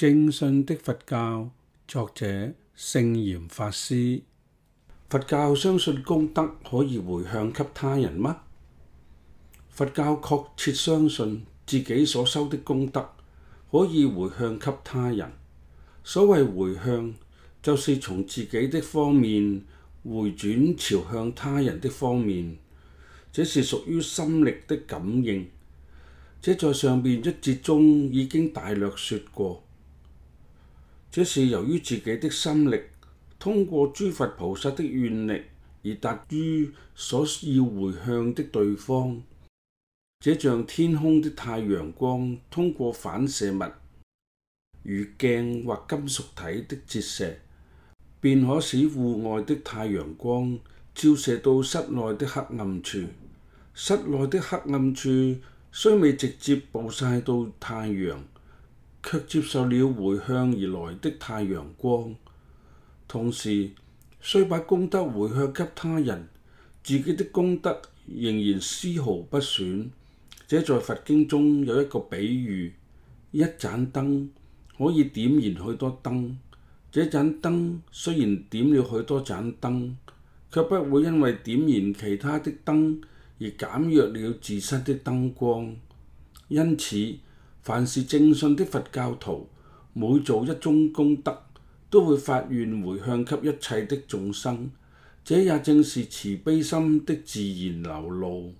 正信的佛教，作者聖嚴法師。佛教相信功德可以回向給他人嗎？佛教確切相信自己所修的功德可以回向給他人。所謂回向，就是從自己的方面回轉朝向他人的方面。這是屬於心力的感應。這在上面一節中已經大略說過。這是由於自己的心力，通過諸佛菩薩的願力而達於所要回向的對方。這像天空的太陽光通過反射物，如鏡或金屬體的折射，便可使戶外的太陽光照射到室內的黑暗處。室內的黑暗處雖未直接暴曬到太陽。卻接受了回向而來的太陽光，同時雖把功德回向給他人，自己的功德仍然絲毫不損。這在佛經中有一個比喻：一盞燈可以點燃許多燈，這盞燈雖然點了許多盞燈，卻不會因為點燃其他的燈而減弱了自身的燈光。因此，凡是正信的佛教徒，每做一宗功德，都會發願迴向給一切的眾生，這也正是慈悲心的自然流露。